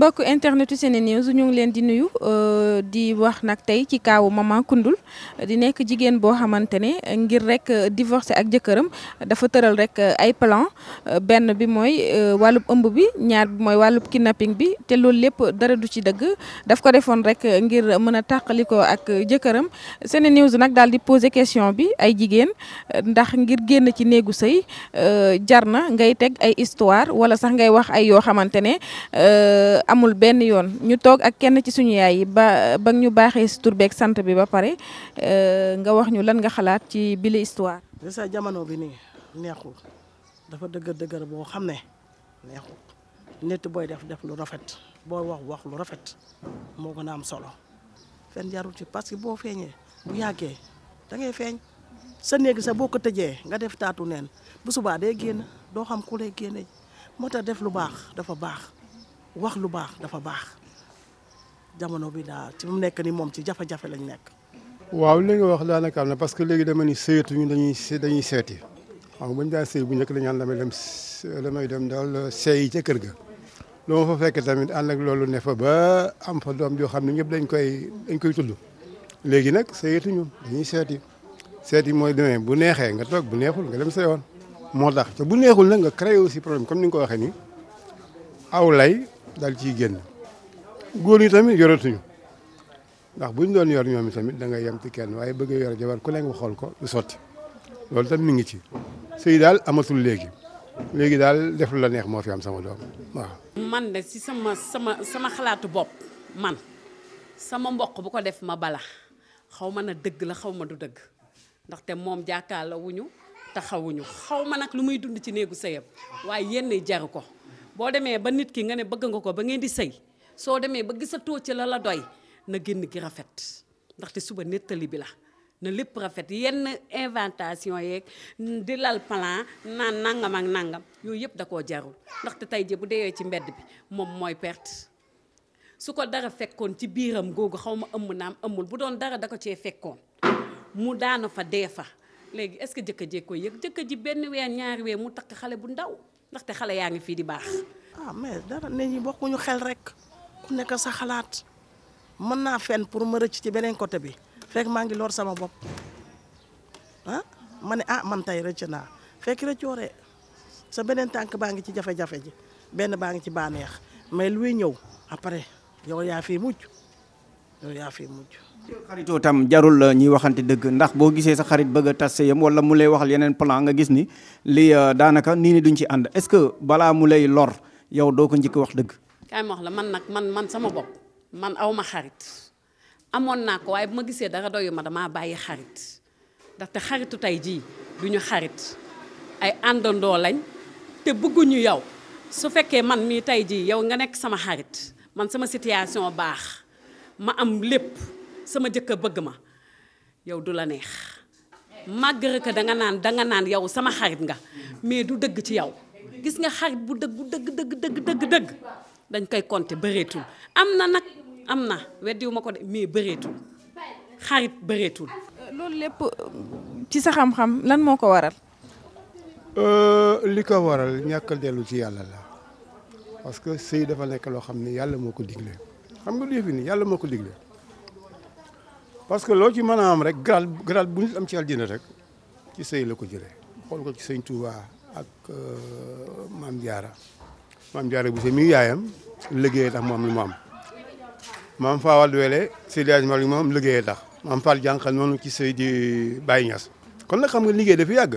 mbokk internetu su ñu ngi leen di nuyu euh, di wax nag tey ci kaawu maman Koundoul di nekk jigéen boo xamante ne ngir rek euh, divorcer ak jëkkëram dafa tëral rek euh, ay plan benn bi mooy wàllub ëmb bi ñaar bi mooy wàllub kidnapping bi te loolu lépp dara du ci dëgg daf ko defoon rek ngir mën a tàqali ko ak jëkkëram SeneNews nag daal di poser question bi ay jigéen ndax ngir génn ci néegu sëy jar na ngay teg ay histoire wala sax ngay wax ay yoo xamante ne. amul ben yoon ñu tok ak kenn ci suñu yaay ba ba ñu baxé ci bi ba pare euh, nga wax ñu lan nga xalaat ci bile histoire. de sa jamono bi ni neexul dafa deug dëgër bo xamné ne neexul nit booy def def lu rafet booy wax wax lu rafet mo am solo fen jarul ci parce que bo feñé bu yagge da ngay feñ sa neeg sa boko tejé nga def taatu neen bu suba day genn do xam ku lay def lu bax dafa bax wax lu baax dafa baax jamono bi daa ci mu nekk nii moom ci jafe-jafe lañ nekk. waaw li nga wax daanaka am ne parce que léegi dama ni seetuñu dañuy dañuy seeti waaw buñ daa seey bu njëkk la ñu damay dem damay dem daal seey ca kër ga. lu ma fa tamit ànd ak loolu ne fa ba am fa doom yoo xam ne ñëpp dañ koy dañ koy tudd léegi nag seeyatuñu dañuy seeti seeti mooy demee bu neexee nga toog bu neexul nga dem sa yoon. moo tax te bu neexul nag nga créé aussi problème comme ni nga ko waxee nii aw lay. dal ciy génn góor yi tamit yoratuñu ndax buñ doon yor ñoom tamit da ngay yem ci kenn waaye bëgg yor jabar ku leen waxool ko du sotti loolu tam mi ngi ci sëy daal amatul léegi léegi daal def la neex moo fi am sama doom waaw. man de si sama sama sama xalaatu bopp man sama mbokk bu ko def ma bala xaw ma na dëgg la xaw ma du dëgg ndaxte moom jàkkaarloo wuñu taxawuñu xaw ma nag lu muy dund ci néegu sëyam waaye yenn jaru ko. boo demee ba nit ki nga ne bëgg nga ko ba ngeen di sëy soo demee ba gisatoo ci la la doy na génn gi rafet ndaxte suba nettali bi la na lépp rafet yenn inventation yeeg di lal plan naan nangam ak nangam yooyu yëpp da koo jarul ndaxte tey ji bu deewee ci mbedd bi moom mooy perte su ko dara fekkoon ci biiram googu xaw ma ëmm naam ëmmul bu doon dara da ko cee fekkoon mu daana fa dee fa léegi est-ce que jëkkër jee koy yëg jëkkër benn weer ñaari weer mu takk xale bu ndaw ndaxte xale yaa ngi fii di baax. ah mais dara nit ñi bokkuñu xel rek ku nekk sa xalaat mën naa fen pour ma rëcc ci beneen côté bi fekk maa ngi lor sama bopp ah ma ne ah man tey rëcc naa fekk rëccoo rek sa beneen tànk baa ngi ci jafe-jafe ji benn baa ngi ci bànneex mais luy ñëw après yow yaa fii mucc. loolu yaa fi mujj. xaritoo tam jarul la euh, ñuy waxante dëgg ndax boo gisee sa xarit bëgg a tas sëyam wala mu lay waxal yeneen plan nga gis ni lii euh, daanaka nii ni duñu ci ànd est-ce que balaa mu lay lor yow doo ko njëkk wax dëgg. kaay ma wax la man nag man man sama bopp man aw ma xarit amoon naa ko waaye bu ma gisee dara doyu ma damaa bàyyi xarit ndaxte xaritu tey jii duñu xarit ay àndandoo lañ te bëgguñu yow su fekkee man mii tey jii yow nga nekk sama xarit man sama situation baax. ma am lépp sama jëkkër bëgg ma yow du la neex malgré que danga naan danga naan yow sama xarit nga mais du dëgg ci yow gis nga xarit bu dëgg dëgg dëgg dëgg dañ koy compter bëreetul am na nag am na weddiwu ma ko de mais bëreetul xarit bëreetul. loolu lépp ci sa xam-xam lan moo ko waral. Euh, li ko waral ñàkk dellu ci yàlla la parce que sëy dafa nekk loo xam ne yàlla moo ko digle. xam nga lii fi nii yàlla moo ko digle parce que loo ci mën a am rek grade grade bu nit am ci àddina rek ci sëy la ko jëlee xool ci sëñ ak euh, maam Jaara maam Jaara bu see mi yaayam liggéeyee tax mu am lu mu am maam Fawal Wele Seydi tax maam Fall jànqal noonu ci sëy di Baye Niass kon nag xam nga liggéey dafa yàgg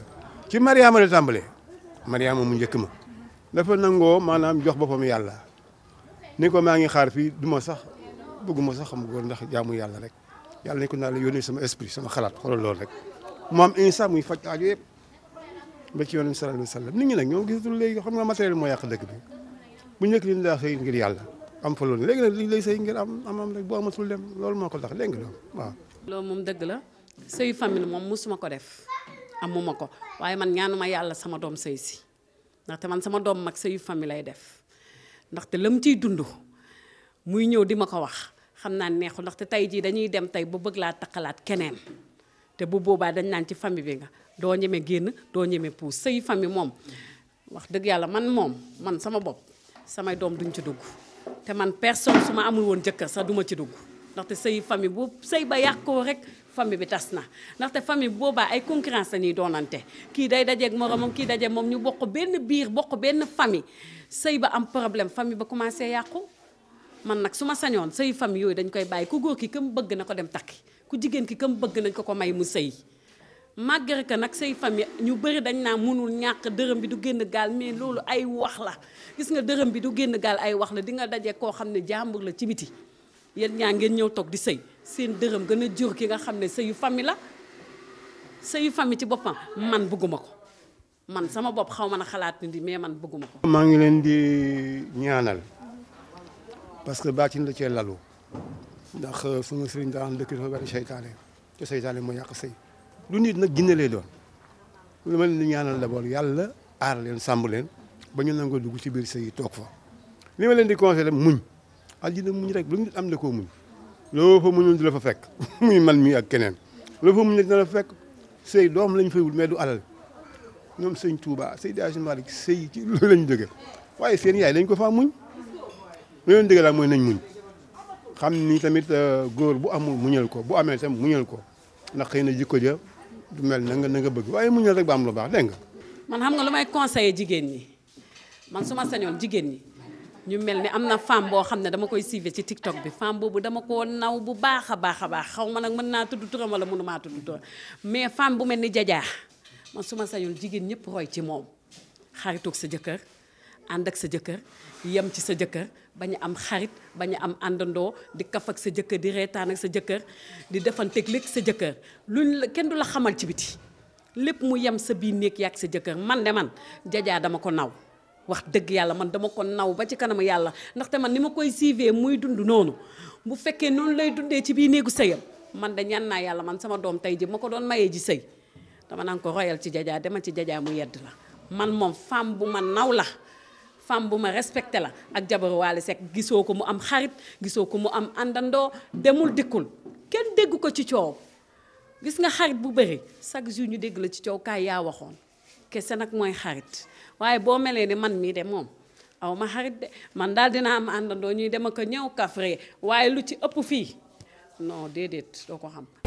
ci Mariama la tàmbalee Mariama mu njëkk ma dafa nangoo maanaam jox boppam yàlla niko ko ngi xaar fi duma sax bëgguma sax xam góor ndax jaamu yàlla rek yàlla niko na la yoni sama esprit sama xalaat xolal lool rek mu am insa muy fajj aajo yeb ba ci yonent sallallahu alayhi wasallam sallam nit ñi nag ñoo gisatul legi xam nga matériel mo yàq dëkk bi bu ñëk li ndax daa xëy ngir yàlla am fa lool legi nak li lay sëy ngir am am am rek boo amatul dem lool moko tax leng loolu waaw loolu moom dëgg la sey famille moom musuma ko def amuma ko waaye man ñaanuma yàlla sama doom sëy si ndaxte man sama doom mag sey famille lay def ndaxte lam ciy dund muy ñëw di ma ko wax xam naa neexul ndaxte tey jii dañuy dem tey ba bëgg laa takkalaat keneen te bu boobaa dañ naan ci famille bi nga doo ñeme génn doo ñeme puus sëy famille moom wax dëgg yàlla man moom man sama bopp samay doom duñ ci dugg te man personne su ma amul woon jëkkër sax duma ci dugg ndaxte sëy famille bu sëy ba yàqoo rek famille bi tas na ndaxte famille bu boobaa ay concurrence la ñuy doonante kii day dajeeg moromam kii dajeeg moom ñu bokk benn biir bokk benn famille sëy ba am problème famille ba commencé yàqu man nag su ma sañoon sëy famille yooyu dañ koy bàyyi ku góor ki kam bëgg na ko dem takki ku jigéen ki kam bëgg nañ ko ko may mu sëy malgré que nag sëy famille ñu bëri dañ naa mënul ñàq dërëm bi du génn gaal mais loolu ay wax la gis nga dërëm bi du génn gaal ay wax la di nga daje koo xam ne jàmbur la ci biti yéen ñaa ngeen ñëw toog di sëy seen dërëm gën a jur ki nga xam ne sëyu famille la sëyu famille ci boppam man bëgguma ko man sama bopp xaw ma na xalaat ni di mais man bëgguma ko. maa ngi leen di ñaanal parce que baatin la cee lalu ndax euh, sunu sëriñ daan dëkk dafa bari seytaane te seytaane moo yàq sëy lu nit nag ginne lay doon lu ma leen di ñaanal d'abord yàlla aar leen sàmm leen ba ñu nangoo dugg ci biir sëy toog fa li ma leen di conseillé muñ. àddina muñ rek lu nit am na koo muñ loo fa muñul di la fa fekk muy man mi ak keneen loo fa muñ rek dina la fekk sëy doom lañ fay wul mais du alal ñoom sëñ Touba sëy Daji Malick sëy ci loolu lañ dëgg waaye seen yaay dañ ko faa muñ lu leen dëgg laa mooy nañ muñ xam ni tamit góor bu amul muñal ko bu amee tam muñal ko ndax xëy na jikko ja du mel na nga na nga bëgg waaye muñal rek ba am lu baax dégg nga. man xam nga lu may conseiller jigéen ñi man su ma sañoon jigéen ñi. ñu mel ni am na femme boo xam ne dama koy suivre ci TikTok bi femme boobu dama ko naw bu baax a baax a baax xaw ma nag mën naa tudd turam wala mënumaa tudd turam mais femme bu mel ni jajaa man su ma sañul jigéen ñëpp roy ci moom xaritoog sa jëkkër ànd ak sa jëkkër yem ci sa jëkkër bañ am xarit bañ am àndandoo di kaf ak sa jëkkër di reetaan ak sa jëkkër di defanteeg léegi sa jëkkër luñ la kenn du la xamal ci biti lépp mu yem sa biir néeg ak sa jëkkër man de man dama ko naw wax dëgg yàlla man dama ko naw ba ci kanam yàlla ndaxte man ni ma koy suivee muy dund noonu bu fekkee noonu lay dundee ci bii néegu sëyam man da ñaan naa yàlla man sama doom tey ji ma ko doon mayee ji sëy dama naan ko royal ci jajaa dama ci jajaa mu yedd la man moom femme bu ma naw la femme bu ma respecté la ak jabaru Wally Seck gisoo ko mu am xarit gisoo ko mu am àndandoo demul dikkul kenn dégg ko ci coow gis nga xarit bu bëri chaque jour ñu dégg la ci coow yaa waxoon kese nag mooy xarit waaye boo melee ne man mii de moom aw ma xarit de man daal dina am àndandoo ñuy dem ak a ñëw kafre waaye lu ci ëpp fii non déedéet doo ko xam